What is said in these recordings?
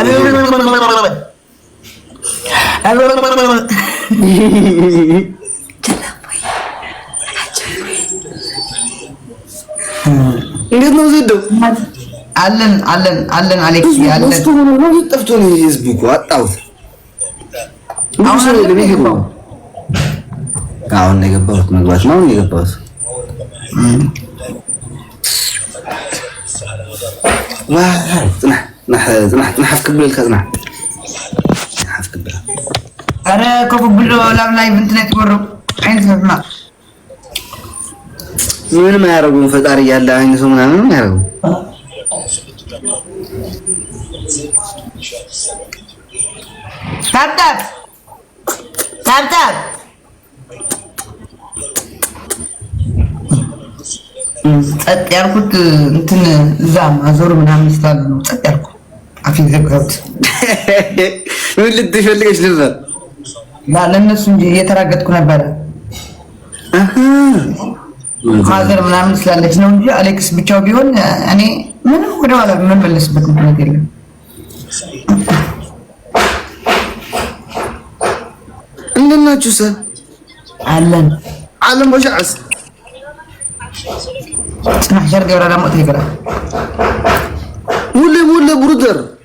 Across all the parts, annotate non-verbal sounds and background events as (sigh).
እንዴት ነው ዘዶ አለን አለን አለን አሌክስ ያለን ጠፍቶ ነው ህዝቡ እኮ አጣሁት። አሁን ነው የገባሁት። መግባት ነው የገባሁት። ዋው ጥና ዝናሓፍ ክብል ከ ዝናሕ ዝናሓፍ ክብል ኣረ ከፍ ብሎ ናብ ላይ ብንትናይ ትበሩ ዓይነት ሕማቅ ምንም አያደርጉም። ፈጣሪ እያለ አይነሱ ምናምን አያደርጉ ታብታብ ታብታብ ጸጥ ያልኩት እንትን እዛ ማዞር ምናምን ስላለ ነው ጸጥ ያልኩት። አፌን ገብት ምን ልትፈልገች ነበር? ለእነሱ እንጂ እየተራገጥኩ ነበረ። ማዘር ምናምን ስላለች ነው እንጂ አሌክስ ብቻው ቢሆን እኔ ምንም ምክንያት የለም። ናችሁ? ሰ አለን ሸር ገብረ ብሩደር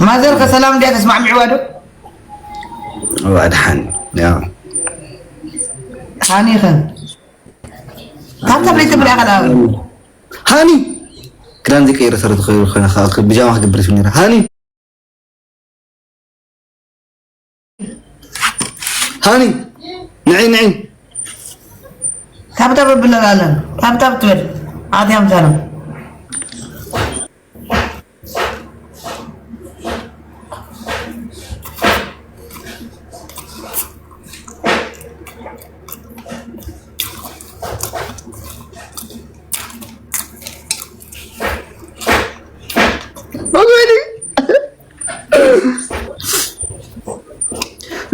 ما زلت سلام دي تسمع مع وادو واد حن يا هاني خن هل تبلي تبلي غلاوي هاني كران زي كير سرت خير خنا خاك بجامع كبرت منير هاني هاني نعي نعي تاب تاب بلال عالم تاب تاب تبل عادي هم سلام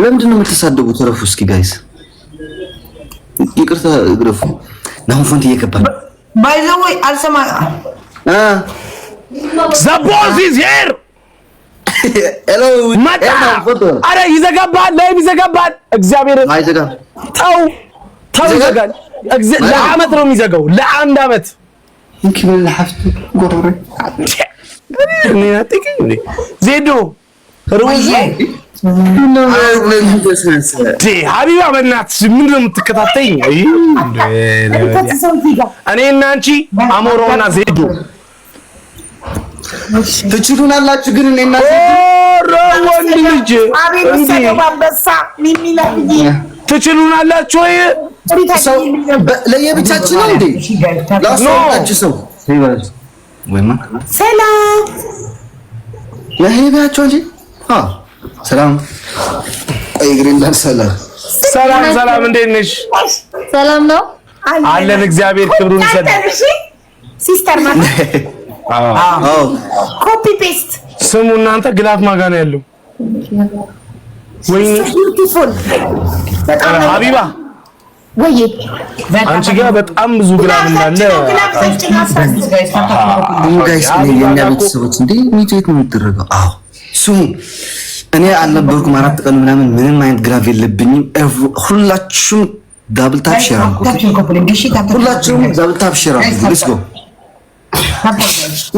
ለምንድን ነው የምትሳደቡ? ተረፉ እስኪ ጋይስ፣ ይቅርታ ግረፉ። ናሁን ፎንት እየገባ ባይ ዘ ወይ አልሰማ አ ዘ ቦስ ኢዝ ሂር አረ ይዘጋባል፣ ላይቭ ይዘጋባል። እግዚአብሔርን አይዘጋም። ተው ተው፣ ይዘጋል። ለአመት ነው የሚዘጋው፣ ለአንድ አመት። ዜዶ ሩዝ ሀቢባ በእናትሽ ምንድን ነው የምትከታተኝ? እኔ እና አንቺ አሞራውና ዜዶ ትችሉናላችሁ ግን እኔ እና ወንድ ልጅ ትችሉናላችሁ ወይ? ለየብቻችን ነው እንዴ? ላስወጣችሁ ሰው ሰላም ያሄዳቸው እንጂ ሰላም ቆይ፣ እግሬ እንዳልሰላ። ሰላም ሰላም፣ እንዴት ነሽ? ሰላም ነው አለን። እግዚአብሔር ክብሩን ይሰጥ። ሲስተር ማለት (laughs) አዎ። ኮፒ ፔስት ስሙ። እናንተ ግላፍ ማጋ ነው ያለው። ወይኔ ሀቢባ ወይ አንቺ ጋር በጣም ብዙ ግላፍ እንዳለ ጋይስ፣ የኛ ቤተሰቦች እንዴ ሚቴት ነው የሚደረገው። አዎ ስሙ እኔ አልነበርኩም አራት ቀን ምናምን ምንም አይነት ግራቭ የለብኝም። ሁላችሁም ዳብል ታፕ ሼር ሁላችሁም ዳብል ታፕ ሼር አድርጉ። ሌትስ ጎ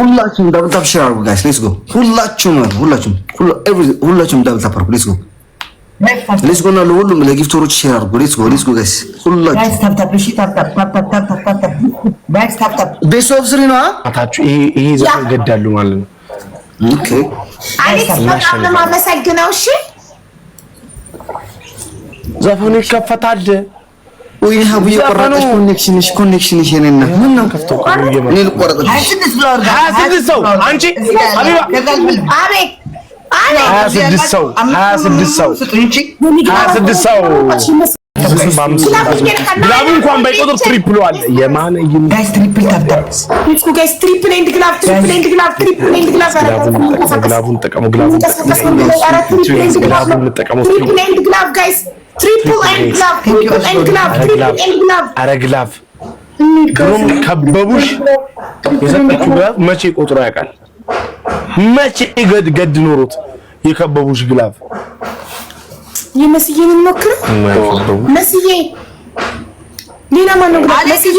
ሁላችሁም ዳብል ታፕ ሼር አድርጉ ጋይስ። ሌትስ ጎ ሁላችሁም ሁላችሁም ሁላችሁም ዳብል ታፕ አድርጉ። ሌትስ ጎ ሌትስ ጎ እና ለሁሉም ለጊፍተሮች ሼር አድርጉ። ሌትስ ጎ ሌትስ ጎ ጋይስ ሁላችሁም ቤስ ኦፍ ስሪ ነው። ይሄ ይሄ ገዳሉ ማለት ነው ኦኬ አሌክስ በጣም ነው የማመሰግነው። እሺ ዘፈኑ ይከፈታል። ወይኔ ሀቡዬ ቆረጠሽ። ኮኔክሽንሽ ኮኔክሽንሽ የኔና ምን ነው ከፍተው እኔ ልቆረጥሽ። ሰው ግላቡ እንኳን ባይቆጥር ትሪፕሉ አለ። የማነ ጋይስ ትሪፕል ግላቡን ተጠቀሙ። ግላቡን ግላብ ግሩም ከበቡሽ። የሰጠችው ግላብ መቼ ቆጥሮ ያውቃል? መቼ ገድ ገድ ኖሮት የከበቡሽ ግላብ የመስዬን እንሞክረው። መስዬ ሌላ ማን ነው? መስዬ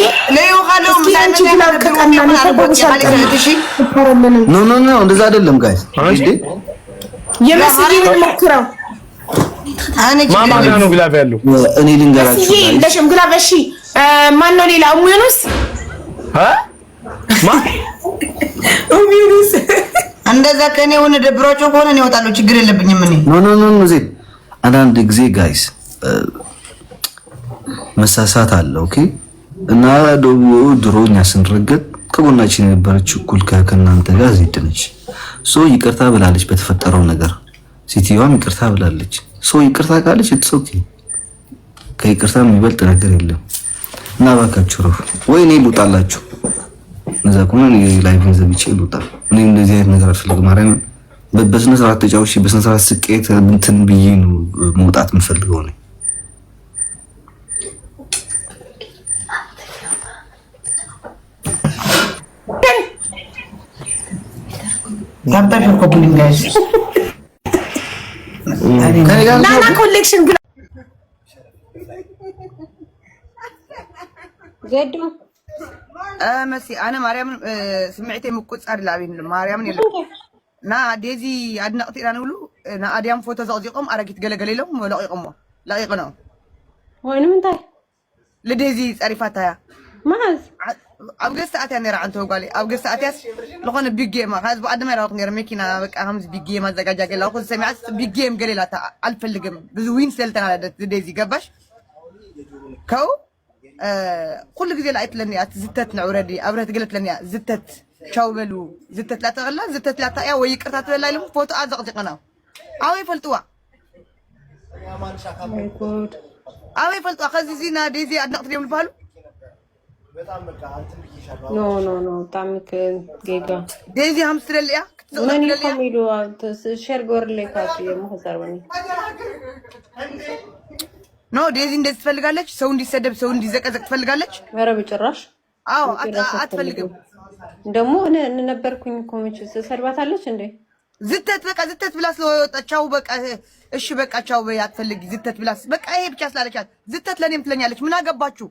ኖ ኖ ኖ፣ እንደዛ አይደለም ጋይስ። የመስዬን እንሞክረው። ማማ ነው ግላፍ ያለው እኔ ልንገራችሁ። እንደሽም ግላፍ። እሺ ማን ነው ሌላ? ሙዩኑስ ማ ሙዩኑስ እንደዛ ከኔ ሆነ ደብሯቸው ከሆነ እኔ እወጣለሁ። ችግር የለብኝም እኔ ኖ ኖ ኖ ዜድ አንዳንድ ጊዜ ጋይስ መሳሳት አለ። ኦኬ እና ደግሞ ድሮ እኛ ስንረገጥ ከጎናችን የነበረች እኩል ከእናንተ ጋር ዜድ ነች። ሶ ይቅርታ ብላለች በተፈጠረው ነገር፣ ሴትዮዋም ይቅርታ ብላለች። ሶ ይቅርታ ካለች ኢትስ ኦኬ። ከይቅርታ የሚበልጥ ነገር የለም። እና እባካችሁ ረፉ ወይ እኔ ልውጣላችሁ። እዛ ከሆነ ላይቭን ዘግቼ ልውጣ። እኔ እንደዚህ አይነት ነገር አልፈልግም ማርያምን በስነ ስርዓት ተጫውቼ በስነ ስርዓት ስቄት እንትን ብዬ ነው መውጣት የምፈልገው ነው። ናና ኮሌክሽን ገዱ መሲ አነ ማርያምን ስምዕተይ ምቁፃር ላዕቢ ማርያምን የለ ና ዴዚ ኣድናቕቲ ኢና ንብሉ ንኣድያም ፎቶ ዘቕዚቖም ኣረጊት ገለገለሎም ለቂቖሞ ለቂቕኖ ወይ ንምንታይ ልዴዚ ፀሪፋታያ መዓዝ ኣብ ገዝቲ ኣትያ ነራ ዓንተ ጓል ኣብ ገዝቲ ኣትያስ ዝኾነ ቢጌማ ካብዚ ብኣድማ ይራኹ ነረ መኪና በቃ ከምዚ ቢጌም ኣዘጋጃ ገላ ኩ ሰሚዓስ ቢጌም ገሌላታ ኣልፈልግም ብዙ ዊን ስለልተናለደት ልዴዚ ገባሽ ካብኡ ኩሉ ግዜ ላ ኣይትለኒያ ዝተት ንዕውረዲ ኣብረት ገለት ለኒያ ዝተት ቻው በሉ ዝተት ላተቀላ ዝተት ላታያ ወይ ይቅርታ ትበላ ፎቶ ኣዘቕዚቕና አወይ ፈልጥዋ አወይ ፈልጥዋ ከዚ ና ደዚ አድነቅት ድዮም ዝበሃሉ ደዚ ሃምስትደሊ እያ ኖ ደዚ እንደዚህ ትፈልጋለች ሰው እንዲሰደብ ሰው እንዲዘቀዘቅ ትፈልጋለች ኧረ አዎ አትፈልግም ደግሞ ነበርኩኝ እኮ መች ሰድባታለች እንዴ? ዝተት በቃ ዝተት ብላ ስለወጣቻው በቃ እሺ በቃ ቻው በይ አትፈልጊ። ዝተት ብላ በቃ ይሄ ብቻ ስላለቻት ዝተት ለእኔም ትለኛለች። ምን አገባችሁ?